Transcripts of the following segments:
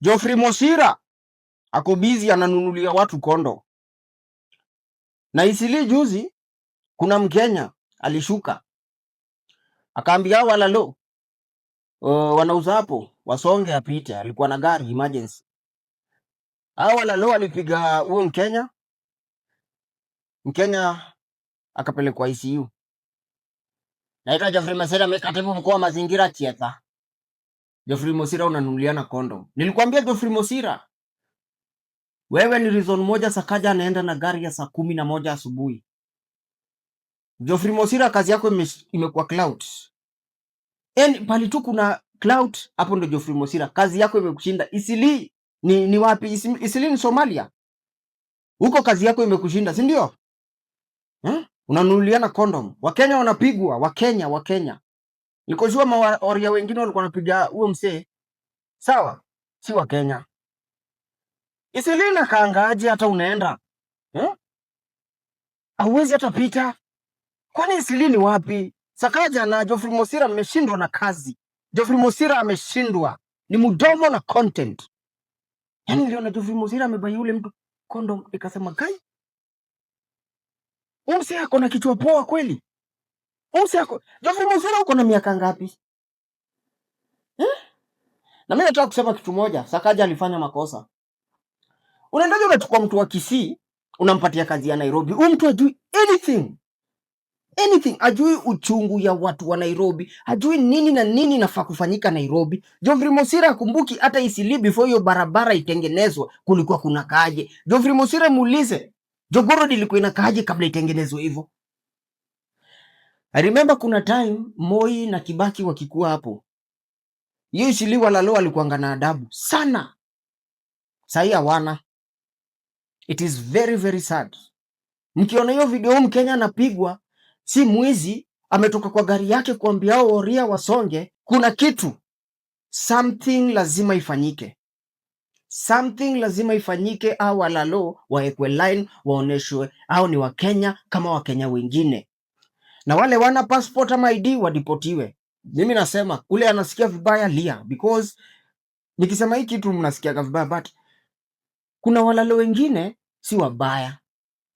Geoffrey Mosira ako busy ananunulia watu kondo, na isili juzi kuna Mkenya alishuka akaambia walalo uh, wanauza hapo wasonge apite, alikuwa na gari emergency. Hao walalo alipiga huo Mkenya, Mkenya akapelekwa ICU. Naitwa Geoffrey Mosira, katibu mkuu wa mazingira Chieta. Geoffrey Mosira unanunuliana kondom. Nilikwambia Geoffrey Mosira, wewe ni reason moja. Sakaja anaenda na gari ya saa kumi na moja asubuhi. Geoffrey Mosira, kazi yako imekuwa ime clout. Yani pali tu kuna clout, hapo ndio Geoffrey Mosira kazi yako imekushinda. Isili ni, ni wapi? Isili ni Somalia huko, kazi yako imekushinda, si ndio? Eh? Unanunuliana kondom, Wakenya wanapigwa, Wakenya Wakenya Nikojua mawaria wengine walikuwa wanapiga huo msee. Sawa? Si wa Kenya. Isilina kaangaje hata unaenda? Eh? Hauwezi hata pita. Kwani Isilini wapi? Sakaja na Geoffrey Mosira ameshindwa na kazi. Geoffrey Mosira ameshindwa. Ni mdomo na content. Yaani niliona Geoffrey Mosira amebai yule mtu kondom, ikasema kai. Umse ako na kichwa poa kweli. Usiako. Geoffrey Mwaithera uko na miaka ngapi? Eh? Na mimi nataka kusema kitu moja, Sakaja alifanya makosa. Unaendaje unachukua mtu wa Kisii, unampatia kazi ya Nairobi. Huyu mtu ajui anything. Anything, ajui uchungu ya watu wa Nairobi, ajui nini na nini nafaa kufanyika Nairobi. Jofri Mosira akumbuki hata isili e before hiyo barabara itengenezwe kulikuwa kuna kaje. Jofri Mosira muulize, Jogoro ilikuwa inakaje kabla itengenezwe hivyo? I remember kuna time Moi na Kibaki wakikuwa hapo, hiyo wala lo alikuanga na adabu sana, Sahi hawana. It is very very sad. Mkiona hiyo video, Mkenya anapigwa, si mwizi, ametoka kwa gari yake kuambiao oria wasonge. Kuna kitu something lazima ifanyike something lazima ifanyike, au walalo waekwe line, waoneshwe au ni Wakenya kama Kenya wengine na wale wana passport ama ID wadipotiwe. Mimi nasema ule anasikia vibaya lia, because nikisema hii kitu mnasikia vibaya, but kuna walalo wengine si wabaya.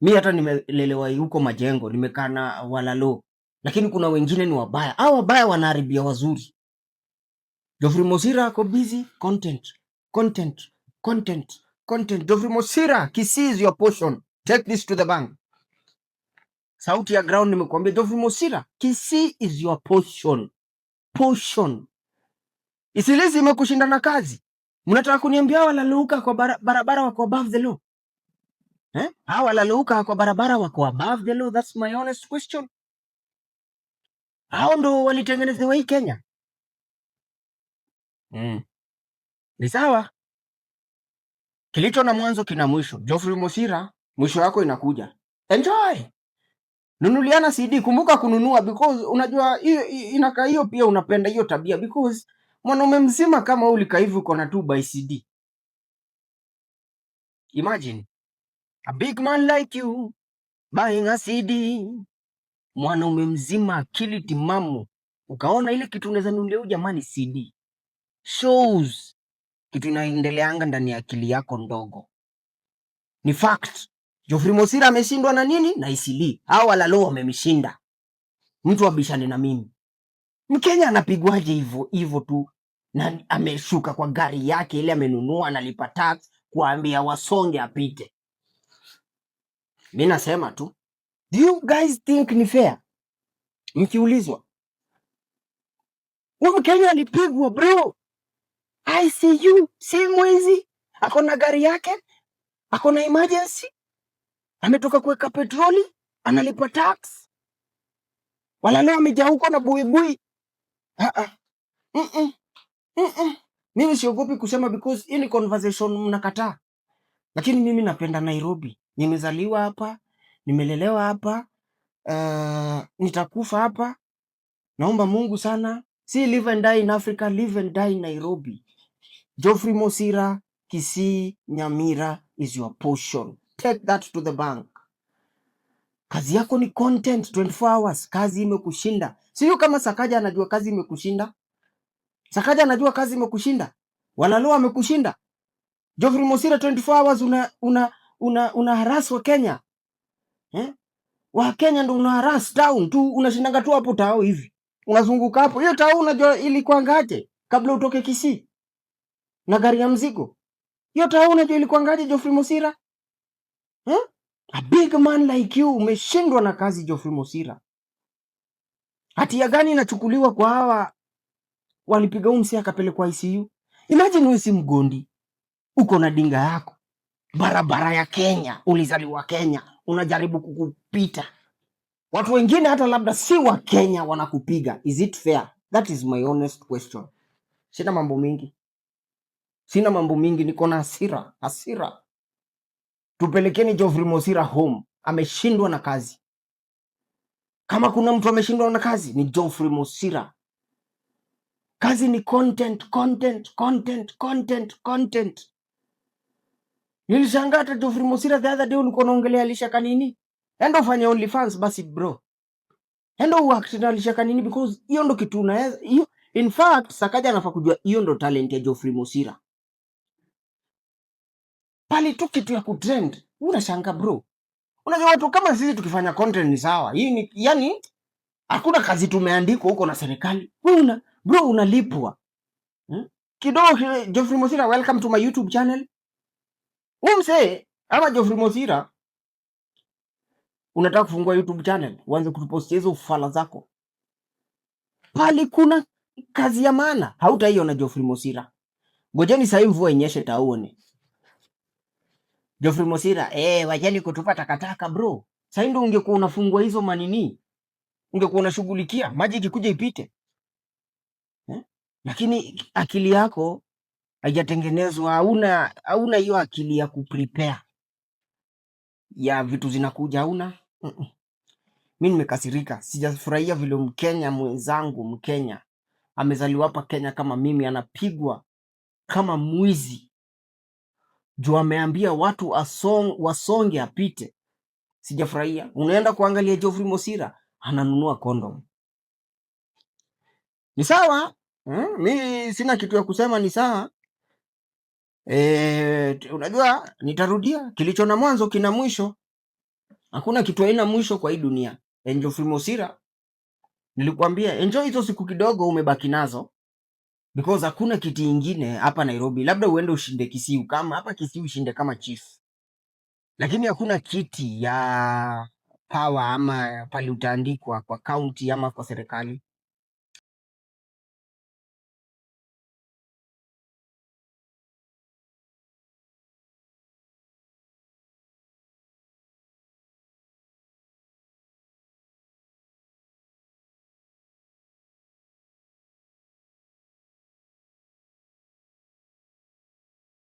Mi hata nimelelewa huko Majengo, nimekaa na walalo, lakini kuna wengine ni wabaya. Au wabaya wanaharibia wazuri. Geoffrey Mosira ako busy content, content, content, content. Geoffrey Mosira, this is your portion, take this to the bank sauti ya ground nimekuambia Mosira, Kisii is your portion. Portion. Isilisi imekushinda na kazi. Mnataka kuniambia walaluka kwa barabara wako above the law? Eh? Hawa walaluka kwa barabara wako above the law? That's my honest question. Hao ndo walitengeneza wa Kenya. Mm. Ni sawa. Kilicho na mwanzo kina mwisho. Geoffrey Mosira, mwisho wako inakuja. Enjoy. Nunuliana CD, kumbuka kununua because unajua hiyo inakaa hiyo pia unapenda hiyo tabia because mwanaume mzima kama wewe ulikaa hivi uko na tu by CD. Imagine a big man like you buying a CD. Mwanaume mzima akili timamu ukaona ile kitu unaweza nunulia huyu jamani CD. Shows kitu inaendeleanga ndani ya akili yako ndogo. Ni fact. Geoffrey Mosira ameshindwa na nini? Na Isili. Hao walalo wamemshinda. Mtu abishane na mimi. Mkenya anapigwaje hivyo hivyo tu na ameshuka kwa gari yake ile amenunua na lipa tax kuambia wasonge apite. Mimi nasema tu, do you guys think ni fair? Mkiulizwa. Wewe Mkenya alipigwa bro. I see you. si mwezi. Ako na gari yake. Ako na emergency ametoka kuweka petroli analipa tax, wala leo amejaa huko na buibui. Mimi siogopi kusema because hii ni conversation mnakataa, lakini mimi napenda Nairobi. Nimezaliwa hapa, nimelelewa hapa, uh, nitakufa hapa. Naomba Mungu sana, si live and die in Africa, live and die in Nairobi. Geoffrey Mosira, Kisii, Nyamira is your portion take that to the bank. Kazi yako ni content 24 hours, kazi imekushinda. Sio kama Sakaja anajua kazi imekushinda. Sakaja anajua kazi imekushinda. Walalo amekushinda. Geoffrey Mosira 24 hours una una una, una harass wa Kenya. Eh? Wa Kenya ndio una harass town tu unashindanga tu hapo tao hivi. Unazunguka hapo. Hiyo tao unajua ilikuwa ngaje kabla utoke Kisii. Na gari ya mzigo. Hiyo tao unajua ilikuwa ilikuangaje Geoffrey Mosira? huh? Eh? A big man like you umeshindwa na kazi Geoffrey Mosira. Hatia gani inachukuliwa kwa hawa walipiga huyu msee akapelekwa ICU? Imagine wewe si mgondi, uko na dinga yako barabara ya Kenya, ulizaliwa Kenya, unajaribu kukupita watu wengine, hata labda si wa Kenya, wanakupiga. Is it fair? That is my honest question. Sina mambo mingi, sina mambo mingi, niko na hasira, hasira tupelekeni Geoffrey Mosira home. Ameshindwa na kazi. Kama kuna mtu ameshindwa na kazi ni Geoffrey Mosira. Kazi ni content, content, content, content, content. Nilishangaa hata Geoffrey Mosira the other day ulikuwa unaongelea Alisha Kanini. Enda ufanye OnlyFans basi bro. Enda uact na Alisha Kanini because hiyo ndo kitu unaweza. In fact, Sakaja anafaa kujua hiyo ndo talent ya Geoffrey Mosira pale tu kitu ya kutrend, unashanga bro. Unajua watu kama sisi tukifanya content ni sawa. Hii ni yani hakuna kazi tumeandikwa huko na serikali. Wewe una bro unalipwa. Hmm? Kidogo kile eh, Geoffrey Mosira, welcome to my YouTube channel. Wewe msee ama Geoffrey Mosira unataka kufungua YouTube channel, uanze kutupostia hizo ufala zako. Pale kuna kazi ya maana, hautaiona Geoffrey Mosira. Ngojeni sasa mvua inyeshe taone. Geoffrey Mosira, eh, wajali kutupa takataka bro. Sasa ndio ungekuwa unafungua hizo manini. Ungekuwa unashughulikia maji ikikuja ipite. Eh? Lakini akili yako haijatengenezwa, hauna hauna hiyo akili ya kuprepare. Ya vitu zinakuja hauna. Mm -mm. Mimi nimekasirika. Sijafurahia vile Mkenya mwenzangu Mkenya amezaliwa hapa Kenya kama mimi anapigwa kama mwizi juu ameambia watu asong, wasonge apite. Sijafurahia. Unaenda kuangalia Geoffrey Mosira ananunua kondom, ni sawa hmm? Mi sina kitu ya kusema, ni sawa e, unajua nitarudia, kilicho na mwanzo kina mwisho. Hakuna kitu haina mwisho kwa hii dunia. Eh, Geoffrey Mosira, nilikuambia enjoy hizo siku kidogo umebaki nazo because hakuna kiti ingine hapa Nairobi, labda uende ushinde Kisiu, kama hapa Kisiu ushinde kama chief, lakini hakuna kiti ya power ama pale utaandikwa kwa county ama kwa serikali.